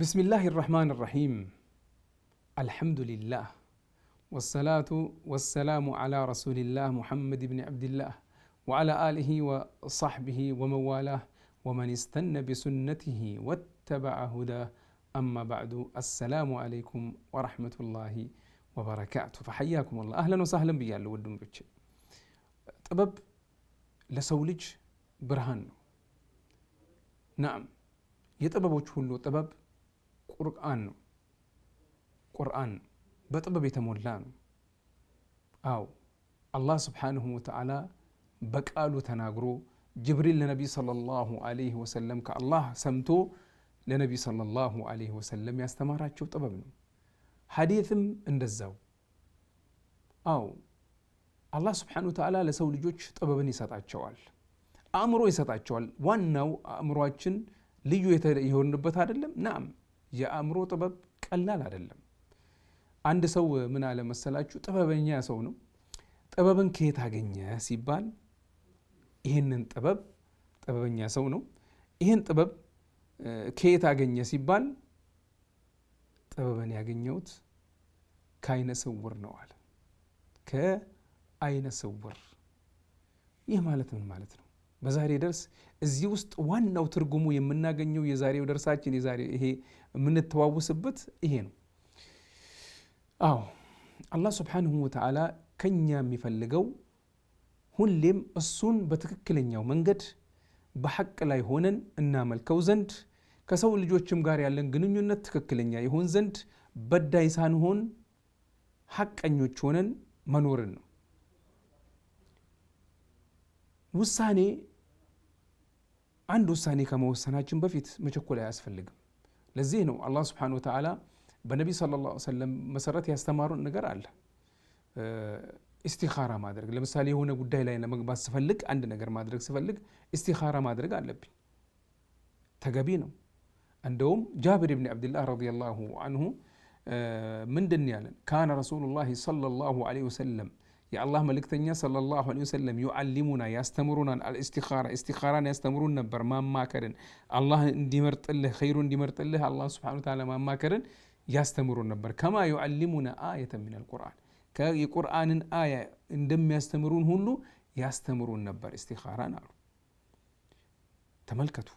بسم الله الرحمن الرحيم الحمد لله والصلاة والسلام على رسول الله محمد بن عبد الله وعلى آله وصحبه ومن والاه ومن استنى بسنته واتبع هداه أما بعد السلام عليكم ورحمة الله وبركاته فحياكم الله أهلا وسهلا بيال ودم بيتش طبب لسولج برهان نعم የጥበቦች ሁሉ طبب ቁርአን ነው። ቁርአን በጥበብ የተሞላ ነው። አዎ አላህ ስብሓንሁ ወተዓላ በቃሉ ተናግሮ ጅብሪል ለነቢ ሰለላሁ አለይህ ወሰለም ከአላህ ሰምቶ ለነቢ ሰለላሁ አለይህ ወሰለም ያስተማራቸው ጥበብ ነው። ሐዲትም እንደዛው። አዎ አላህ ስብሓንሁ ወተዓላ ለሰው ልጆች ጥበብን ይሰጣቸዋል፣ አእምሮ ይሰጣቸዋል። ዋናው አእምሯችን ልዩ የሆንበት አይደለም? ናም የአእምሮ ጥበብ ቀላል አይደለም። አንድ ሰው ምን አለ መሰላችሁ፣ ጥበበኛ ሰው ነው። ጥበብን ከየት አገኘ ሲባል ይህንን ጥበብ ጥበበኛ ሰው ነው። ይህን ጥበብ ከየት አገኘ ሲባል ጥበብን ያገኘሁት ከአይነ ስውር ነው አለ። ከአይነ ስውር። ይህ ማለት ምን ማለት ነው? በዛሬ ደርስ እዚህ ውስጥ ዋናው ትርጉሙ የምናገኘው የዛሬው ደርሳችን የዛሬ ይሄ የምንተዋውስበት ይሄ ነው። አዎ አላህ ስብሓንሁ ወተዓላ ከኛ የሚፈልገው ሁሌም እሱን በትክክለኛው መንገድ በሐቅ ላይ ሆነን እናመልከው ዘንድ ከሰው ልጆችም ጋር ያለን ግንኙነት ትክክለኛ ይሆን ዘንድ በዳይ ሳንሆን ሐቀኞች ሆነን መኖርን ነው ውሳኔ አንድ ውሳኔ ከመወሰናችን በፊት መቸኮል አያስፈልግም። ለዚህ ነው አላህ ስብሓነሁ ወተዓላ በነቢ ሰለላሁ ዐለይሂ ወሰለም መሰረት ያስተማሩን ነገር አለ። ኢስቲኻራ ማድረግ ለምሳሌ የሆነ ጉዳይ ላይ ለመግባት ስፈልግ፣ አንድ ነገር ማድረግ ስፈልግ ኢስቲኻራ ማድረግ አለብኝ። ተገቢ ነው። እንደውም ጃብር ብን ዓብድላህ ረዲየላሁ አንሁ ምንድን ያለን ካነ ረሱሉላሂ ሰለላሁ ዐለይሂ ወሰለም የአላህ መልእክተኛ ሰለላሁ ዐለይሂ ወሰለም ዩዓሊሙና ያስተምሩናል። አልእስቲኻራ እስቲኻራን ያስተምሩን ነበር። ማማከርን አላህ እንዲመርጥልህ ኸይሩ እንዲመርጥልህ አላህ ሱብሓነሁ ወተዓላ ማማከርን ያስተምሩን ነበር። ከማ ዩዓሊሙና አየተ ሚነል ቁርአን የቁርአንን አያ እንደሚያስተምሩን ሁሉ ያስተምሩን ነበር እስቲኻራን አሉ። ተመልከቱ።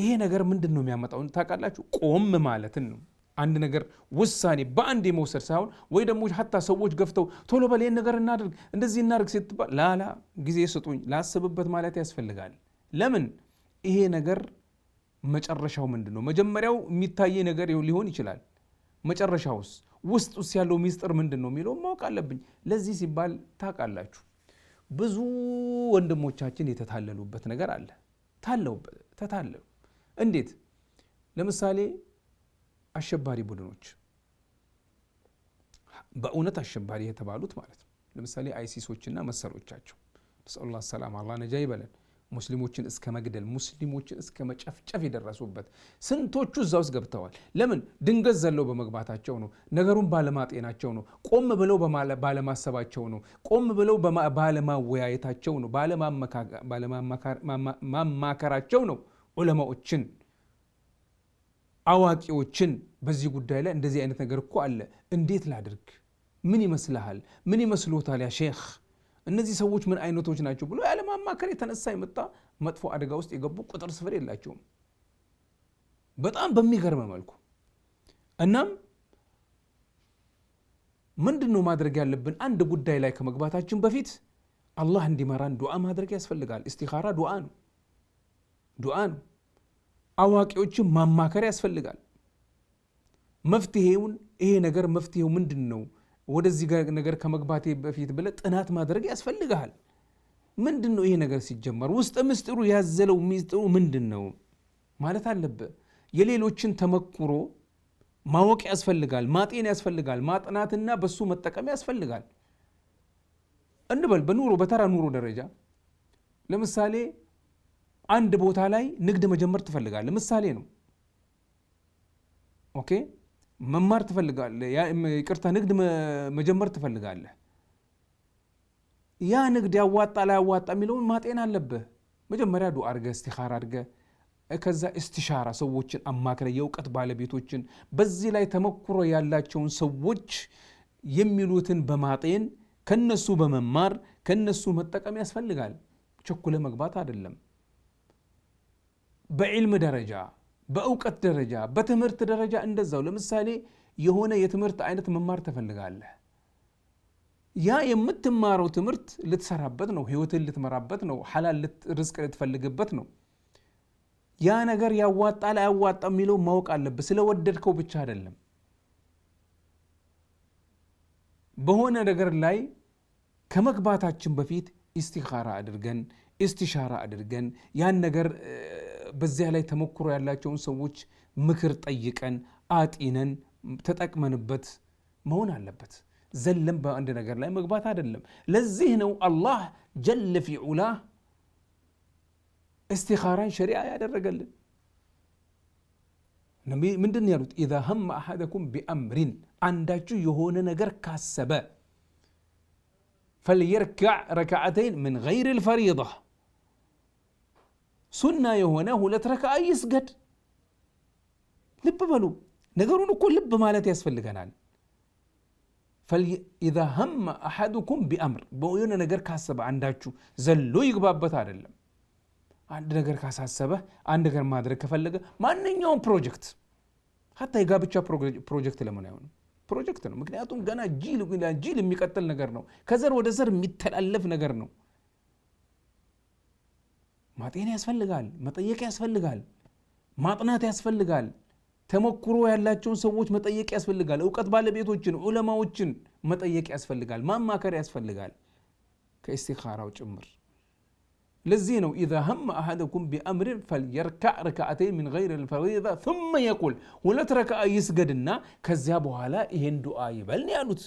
ይሄ ነገር ምንድን ነው የሚያመጣውን ታውቃላችሁ? ቆም ማለትን ነው አንድ ነገር ውሳኔ በአንድ የመውሰድ ሳይሆን ወይ ደግሞ ሀታ ሰዎች ገፍተው ቶሎ ይህን ነገር እናድርግ እንደዚህ እናድርግ ስትባል ላላ ጊዜ ስጡኝ ላስብበት ማለት ያስፈልጋል። ለምን ይሄ ነገር መጨረሻው ምንድን ነው? መጀመሪያው የሚታየ ነገር ሊሆን ይችላል። መጨረሻውስ ውስጥ ውስጥ ያለው ሚስጥር ምንድን ነው የሚለው ማወቅ አለብኝ። ለዚህ ሲባል ታውቃላችሁ፣ ብዙ ወንድሞቻችን የተታለሉበት ነገር አለ። ታለውበት ተታለሉ። እንዴት ለምሳሌ አሸባሪ ቡድኖች በእውነት አሸባሪ የተባሉት ማለት ነው። ለምሳሌ አይሲሶችና መሰሎቻቸው ነስአሉላህ ሰላም አላ ነጃ ይበለን። ሙስሊሞችን እስከ መግደል ሙስሊሞችን እስከ መጨፍጨፍ የደረሱበት ስንቶቹ እዛ ውስጥ ገብተዋል። ለምን ድንገት ዘለው በመግባታቸው ነው። ነገሩን ባለማጤናቸው ነው። ቆም ብለው ባለማሰባቸው ነው። ቆም ብለው ባለማወያየታቸው ነው። ባለማማከራቸው ነው ዑለማዎችን አዋቂዎችን በዚህ ጉዳይ ላይ እንደዚህ አይነት ነገር እኮ አለ፣ እንዴት ላድርግ፣ ምን ይመስልሃል፣ ምን ይመስሎታል ያ ሼክ፣ እነዚህ ሰዎች ምን አይነቶች ናቸው ብሎ ያለማማከር የተነሳ የመጣ መጥፎ አደጋ ውስጥ የገቡ ቁጥር ስፍር የላቸውም። በጣም በሚገርም መልኩ እናም ምንድን ነው ማድረግ ያለብን? አንድ ጉዳይ ላይ ከመግባታችን በፊት አላህ እንዲመራን ዱዓ ማድረግ ያስፈልጋል። ኢስቲኻራ ዱዓ ነው፣ ዱዓ ነው። አዋቂዎችን ማማከር ያስፈልጋል። መፍትሄውን ይሄ ነገር መፍትሄው ምንድን ነው? ወደዚህ ነገር ከመግባቴ በፊት ብለህ ጥናት ማድረግ ያስፈልግሃል። ምንድን ነው ይሄ ነገር ሲጀመር ውስጥ ምስጢሩ ያዘለው ምስጢሩ ምንድን ነው ማለት አለብህ። የሌሎችን ተመክሮ ማወቅ ያስፈልጋል፣ ማጤን ያስፈልጋል፣ ማጥናትና በሱ መጠቀም ያስፈልጋል እንበል በኑሮ በተራ ኑሮ ደረጃ ለምሳሌ አንድ ቦታ ላይ ንግድ መጀመር ትፈልጋለህ፣ ምሳሌ ነው። ኦኬ መማር ትፈልጋለህ፣ ይቅርታ ንግድ መጀመር ትፈልጋለህ። ያ ንግድ ያዋጣ ያዋጣ የሚለውን ማጤን አለብህ። መጀመሪያ ዱ አድርገህ እስቲኻራ አድርገህ ከዛ እስትሻራ ሰዎችን አማክረ የእውቀት ባለቤቶችን በዚህ ላይ ተመኩሮ ያላቸውን ሰዎች የሚሉትን በማጤን ከነሱ በመማር ከነሱ መጠቀም ያስፈልጋል። ቸኩለ መግባት አይደለም። በዕልም ደረጃ በእውቀት ደረጃ በትምህርት ደረጃ እንደዛው። ለምሳሌ የሆነ የትምህርት አይነት መማር ተፈልጋለህ። ያ የምትማረው ትምህርት ልትሰራበት ነው፣ ህይወትን ልትመራበት ነው፣ ሐላል ርዝቅ ልትፈልግበት ነው። ያ ነገር ያዋጣል አያዋጣም የሚለው ማወቅ አለብህ። ስለወደድከው ብቻ አይደለም። በሆነ ነገር ላይ ከመግባታችን በፊት ኢስቲኻራ አድርገን ኢስቲሻራ አድርገን ያን ነገር በዚያ ላይ ተሞክሮ ያላቸውን ሰዎች ምክር ጠይቀን አጢነን ተጠቅመንበት መሆን አለበት። ዘለም በአንድ ነገር ላይ መግባት አይደለም። ለዚህ ነው አላህ ጀለ ፊ ዑላህ እስቲኻራን ሸሪዓ ያደረገልን። ምንድን ያሉት ኢዛ ሀመ አሐደኩም ቢአምሪን አንዳችሁ የሆነ ነገር ካሰበ ፈልየርክዕ ረክዓተይን ምን ገይር ልፈሪዳ ሱና የሆነ ሁለት ረክዓ ይስገድ። ልብ በሉ፣ ነገሩን እኮ ልብ ማለት ያስፈልገናል። ኢዛ ሀመ አሐዱኩም ቢአምር የሆነ ነገር ካሰበ አንዳችሁ ዘሎ ይግባበት አይደለም። አንድ ነገር ካሳሰበ አንድ ነገር ማድረግ ከፈለገ ማንኛውም ፕሮጀክት ሀታ የጋብቻ ፕሮጀክት ለምን አይሆንም? ፕሮጀክት ነው። ምክንያቱም ገና ጅል የሚቀጥል ነገር ነው። ከዘር ወደ ዘር የሚተላለፍ ነገር ነው። ما ما ما أسفل ማጤን ያስፈልጋል መጠየቅ ያስፈልጋል ማጥናት ያስፈልጋል ተሞክሮ ያላቸውን ሰዎች መጠየቅ ያስፈልጋል እውቀት ባለቤቶችን ዑለማዎችን መጠየቅ ما ማማከር أسفل ከእስቲኻራው كاستخارة ለዚህ لزينه إذا هم أحدكم بأمر فليركع ركعتين من غير الفريضة ثم يقول ولت ركع يسجدنا كذا بوالا يهن أي يبلني أنت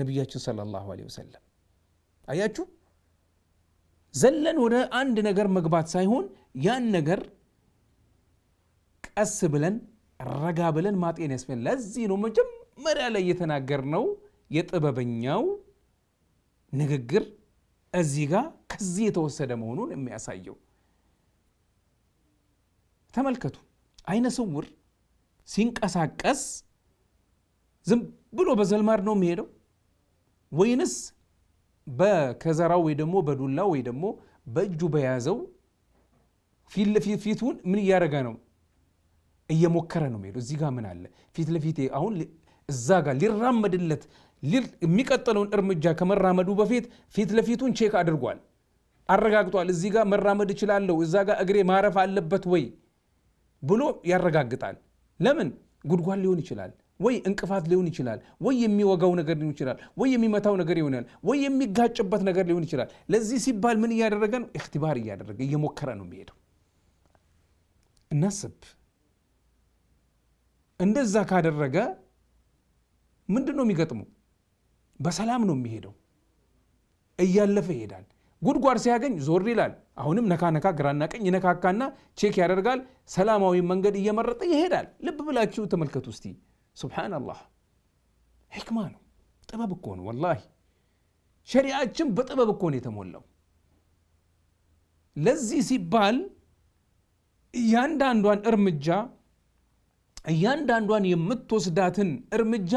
نبياتنا صلى الله عليه وسلم أياتشو ዘለን ወደ አንድ ነገር መግባት ሳይሆን ያን ነገር ቀስ ብለን ረጋ ብለን ማጤን ያስፈልጋል። ለዚህ ነው መጀመሪያ ላይ የተናገርነው የጥበበኛው ንግግር እዚህ ጋር ከዚህ የተወሰደ መሆኑን የሚያሳየው። ተመልከቱ፣ አይነ ስውር ሲንቀሳቀስ ዝም ብሎ በዘልማድ ነው የሚሄደው ወይንስ በከዘራው ወይ ደግሞ በዱላ ወይ ደግሞ በእጁ በያዘው ፊት ለፊት ፊቱን ምን እያደረገ ነው? እየሞከረ ነው የሚሄደው። እዚህ ጋር ምን አለ? ፊት ለፊቴ አሁን እዛ ጋር ሊራመድለት የሚቀጥለውን እርምጃ ከመራመዱ በፊት ፊት ለፊቱን ቼክ አድርጓል፣ አረጋግጧል። እዚህ ጋር መራመድ እችላለሁ፣ እዛ ጋር እግሬ ማረፍ አለበት ወይ ብሎ ያረጋግጣል። ለምን ጉድጓድ ሊሆን ይችላል ወይ እንቅፋት ሊሆን ይችላል፣ ወይ የሚወጋው ነገር ሊሆን ይችላል፣ ወይ የሚመታው ነገር ይሆናል፣ ወይ የሚጋጭበት ነገር ሊሆን ይችላል። ለዚህ ሲባል ምን እያደረገ ነው? እክትባር እያደረገ እየሞከረ ነው የሚሄደው። እናስብ። እንደዛ ካደረገ ምንድን ነው የሚገጥመው? በሰላም ነው የሚሄደው፣ እያለፈ ይሄዳል። ጉድጓድ ሲያገኝ ዞር ይላል። አሁንም ነካ ነካ ግራና ቀኝ ነካካና ቼክ ያደርጋል። ሰላማዊ መንገድ እየመረጠ ይሄዳል። ልብ ብላችሁ ተመልከቱ እስቲ። ሱብሓነላህ ሕክማ ነው። ጥበብ እኮ ነው። ወላሂ ሸሪአችን በጥበብ እኮ ነው የተሞላው። ለዚህ ሲባል እያንዳንዷን እርምጃ እያንዳንዷን የምትወስዳትን እርምጃ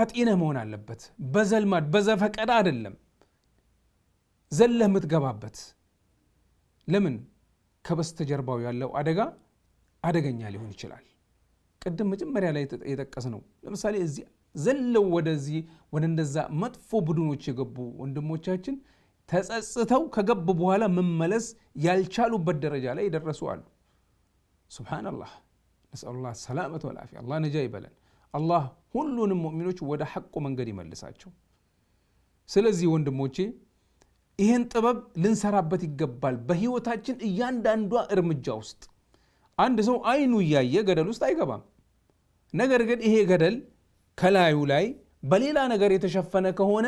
አጢነህ መሆን አለበት። በዘልማድ በዘፈቀደ አይደለም ዘለህ የምትገባበት። ለምን ከበስተጀርባው ያለው አደጋ አደገኛ ሊሆን ይችላል። ቅድም መጀመሪያ ላይ የጠቀስ ነው። ለምሳሌ እዚህ ዘለው ወደዚህ ወደ እንደዛ መጥፎ ቡድኖች የገቡ ወንድሞቻችን ተጸጽተው ከገቡ በኋላ መመለስ ያልቻሉበት ደረጃ ላይ የደረሱ አሉ። ሱብሓነላህ ነስአሉላህ ሰላመት ወላፊ አላህ ነጃ ይበለን። አላህ ሁሉንም ሙእሚኖች ወደ ሐቁ መንገድ ይመልሳቸው። ስለዚህ ወንድሞቼ ይህን ጥበብ ልንሰራበት ይገባል በህይወታችን እያንዳንዷ እርምጃ ውስጥ አንድ ሰው አይኑ እያየ ገደል ውስጥ አይገባም። ነገር ግን ይሄ ገደል ከላዩ ላይ በሌላ ነገር የተሸፈነ ከሆነ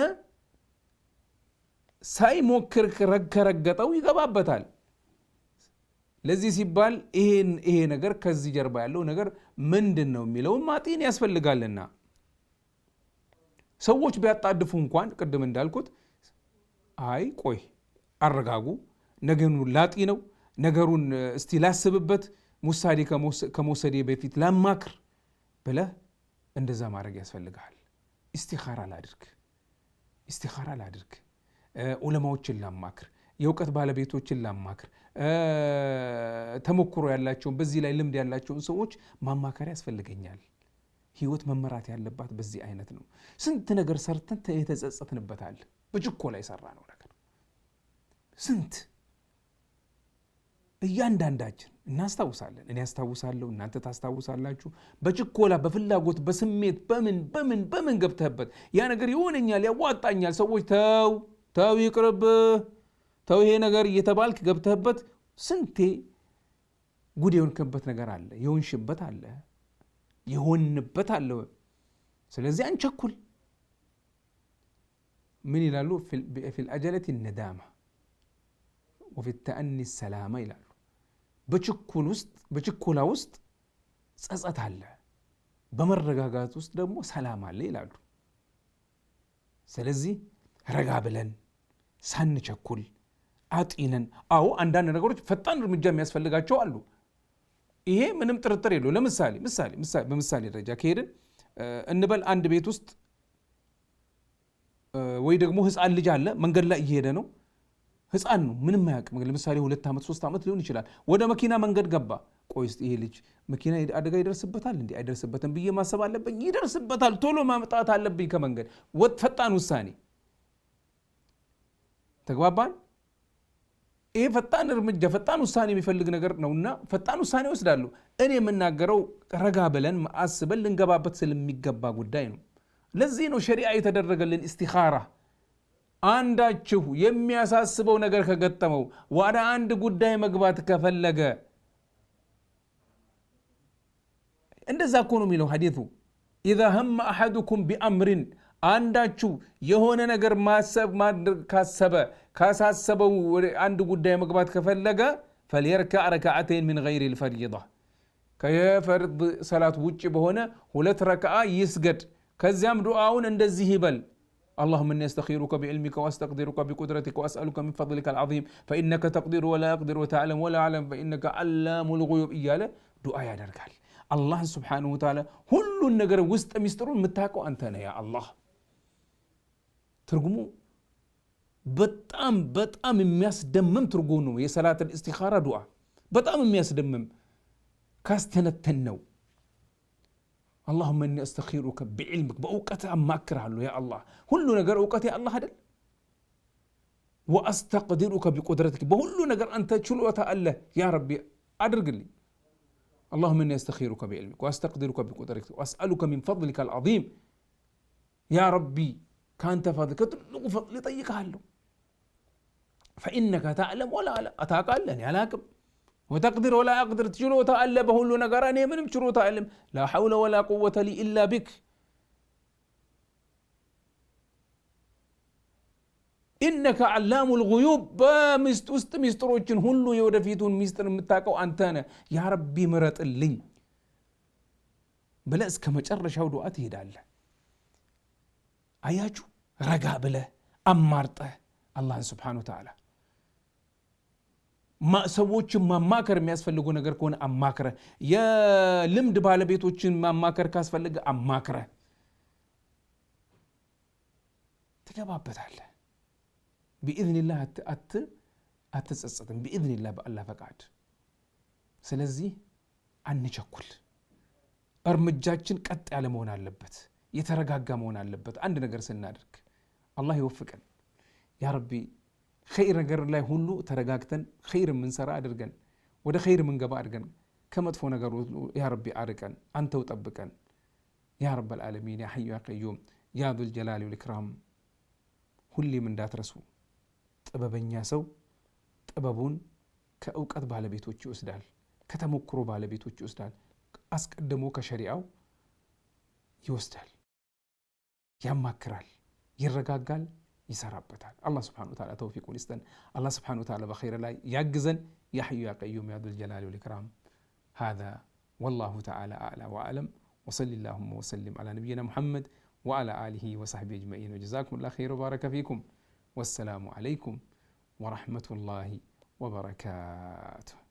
ሳይሞክር ከረገጠው ይገባበታል። ለዚህ ሲባል ይሄ ነገር ከዚህ ጀርባ ያለው ነገር ምንድን ነው የሚለውን ማጤን ያስፈልጋልና ሰዎች ቢያጣድፉ እንኳን ቅድም እንዳልኩት አይ ቆይ አረጋጉ ነገሩን ላጢ ነው ነገሩን እስቲ ላስብበት ውሳኔ ከመውሰዴ በፊት ላማክር ብለህ እንደዛ ማድረግ ያስፈልግሃል። ኢስቲኻራ ላድርግ፣ ኢስቲኻራ ላድርግ፣ ዑለማዎችን ላማክር፣ የእውቀት ባለቤቶችን ላማክር፣ ተሞክሮ ያላቸውን በዚህ ላይ ልምድ ያላቸውን ሰዎች ማማከር ያስፈልገኛል። ህይወት መመራት ያለባት በዚህ አይነት ነው። ስንት ነገር ሰርተን የተጸጸትንበታል። ሰራ ነው ነገር ስንት እያንዳንዳችን እናስታውሳለን። እኔ ያስታውሳለሁ፣ እናንተ ታስታውሳላችሁ። በችኮላ በፍላጎት በስሜት በምን በምን በምን ገብተህበት ያ ነገር ይሆነኛል፣ ያዋጣኛል፣ ሰዎች ተው ተው ይቅርብህ፣ ተው ይሄ ነገር እየተባልክ ገብተህበት ስንቴ ጉድ የሆንክበት ነገር አለ፣ የሆንሽበት አለ፣ የሆንበት አለ። ስለዚህ አንቸኩል። ምን ይላሉ? ፊልአጀለት ነዳማ ወፊተአኒ ሰላማ ይላሉ። በችኮላ ውስጥ ጸጸት አለ፣ በመረጋጋት ውስጥ ደግሞ ሰላም አለ ይላሉ። ስለዚህ ረጋ ብለን ሳንቸኩል አጢነን። አዎ አንዳንድ ነገሮች ፈጣን እርምጃ የሚያስፈልጋቸው አሉ። ይሄ ምንም ጥርጥር የለው። ለምሳሌ ምሳሌ በምሳሌ ደረጃ ከሄድን እንበል አንድ ቤት ውስጥ ወይ ደግሞ ህፃን ልጅ አለ መንገድ ላይ እየሄደ ነው ህፃን ነው፣ ምንም አያውቅም። ለምሳሌ ሁለት ዓመት ሶስት ዓመት ሊሆን ይችላል። ወደ መኪና መንገድ ገባ። ቆይ እስኪ ይሄ ልጅ መኪና አደጋ ይደርስበታል እንዴ አይደርስበትም ብዬ ማሰብ አለብኝ? ይደርስበታል፣ ቶሎ ማምጣት አለብኝ ከመንገድ። ወጥ ፈጣን ውሳኔ ተግባባን። ይሄ ፈጣን እርምጃ ፈጣን ውሳኔ የሚፈልግ ነገር ነውና ፈጣን ውሳኔ ወስዳለሁ። እኔ የምናገረው ረጋ ብለን አስበን ልንገባበት ስለሚገባ ጉዳይ ነው። ለዚህ ነው ሸሪዓ የተደረገልን ኢስቲኻራ አንዳችሁ የሚያሳስበው ነገር ከገጠመው ወደ አንድ ጉዳይ መግባት ከፈለገ እንደዛ እኮ ነው የሚለው ሐዲቱ። ኢዛ ሀመ አሐዱኩም ቢአምሪን አንዳችሁ የሆነ ነገር ማሰብ ካሰበ ካሳሰበው አንድ ጉዳይ መግባት ከፈለገ ፈልየርካዕ ረክዓተይን ምን ገይሪ ልፈሪዳ ከየፈርድ ሰላት ውጭ በሆነ ሁለት ረክዓ ይስገድ። ከዚያም ዱዓውን እንደዚህ ይበል اللهم اني استخيرك بعلمك واستقدرك بقدرتك واسالك من فضلك العظيم فانك تقدر ولا اقدر وتعلم ولا اعلم فانك علام الغيوب اياله دعاء يا درقال الله سبحانه وتعالى كل النجر وسط مستر متاكو انت يا الله ترجمو بتام بتام مياس دمم ترجمو يا صلاه الاستخاره دعاء بتام مياس دمم كاستنتنو اللهم اني استخيرك بعلمك بأوقات ما يا الله كل نجر اوقات يا الله هذا واستقدرك بقدرتك بكل نجر انت አንተ الله يا ربي ادرك لي اللهم اني استخيرك بعلمك واستقدرك بقدرتك واسالك من فضلك العظيم يا ربي كانت فضلك تلق فضل طيقها فانك تعلم ولا لا اتاك الله يعني وتقدر ولا أقدر تشلو تألب هلو نقراني من مشرو تعلم لا حول ولا قوة لي إلا بك إنك علام الغيوب با مست وست مستروجن هلو يودفيتون مستر متاكو أنتانا يا ربي مرت اللين بلأس كما جرش هودو أتهد الله أياجو رقابله أمارته الله سبحانه وتعالى ሰዎችን ማማከር የሚያስፈልጉ ነገር ከሆነ አማክረ፣ የልምድ ባለቤቶችን ማማከር ካስፈልገ አማክረ ትገባበታለ ቢኢዝኒላህ አትጸጸትም። ቢኢዝኒላህ በአላህ ፈቃድ። ስለዚህ አንቸኩል። እርምጃችን ቀጥ ያለ መሆን አለበት፣ የተረጋጋ መሆን አለበት። አንድ ነገር ስናደርግ አላህ ይወፍቀን ያ ረቢ። ኸይር ነገር ላይ ሁሉ ተረጋግተን ኸይር የምንሰራ አድርገን ወደ ኸይር የምንገባ አድርገን ከመጥፎ ነገር ያ ረቢ አርቀን አንተው ጠብቀን ያ ረብ ልዓለሚን ያ ሐዩ ያ ቀዩም ያ ዙል ጀላሊ ወል ሁሌም እንዳትረሱ ጥበበኛ ሰው ጥበቡን ከእውቀት ባለቤቶች ይወስዳል፣ ከተሞክሮ ባለቤቶች ይወስዳል፣ አስቀድሞ ከሸሪአው ይወስዳል፣ ያማክራል፣ ይረጋጋል። ይሰራበታል። አላህ ስብሐነ ወተዓላ ተውፊቁን ይስጠን። አላህ ስብሐነ ወተዓላ በኸይር ላይ ያግዘን። ያ ሐዩ ያ ቀዩም ያ ዙልጀላሊ ወልኢክራም ሀዛ ወላሁ ተዓላ አዕላ ወአዕለም። ወሰሊ ላሁመ ወሰሊም አላ ነቢይና ሙሐመድ ወአላ አሊሂ ወሳሕቢ አጅመዒን ወጀዛኩም ላ ኸይር ወባረከ ፊኩም ወሰላሙ ዓለይኩም ወረሕመቱላሂ ወበረካቱሁ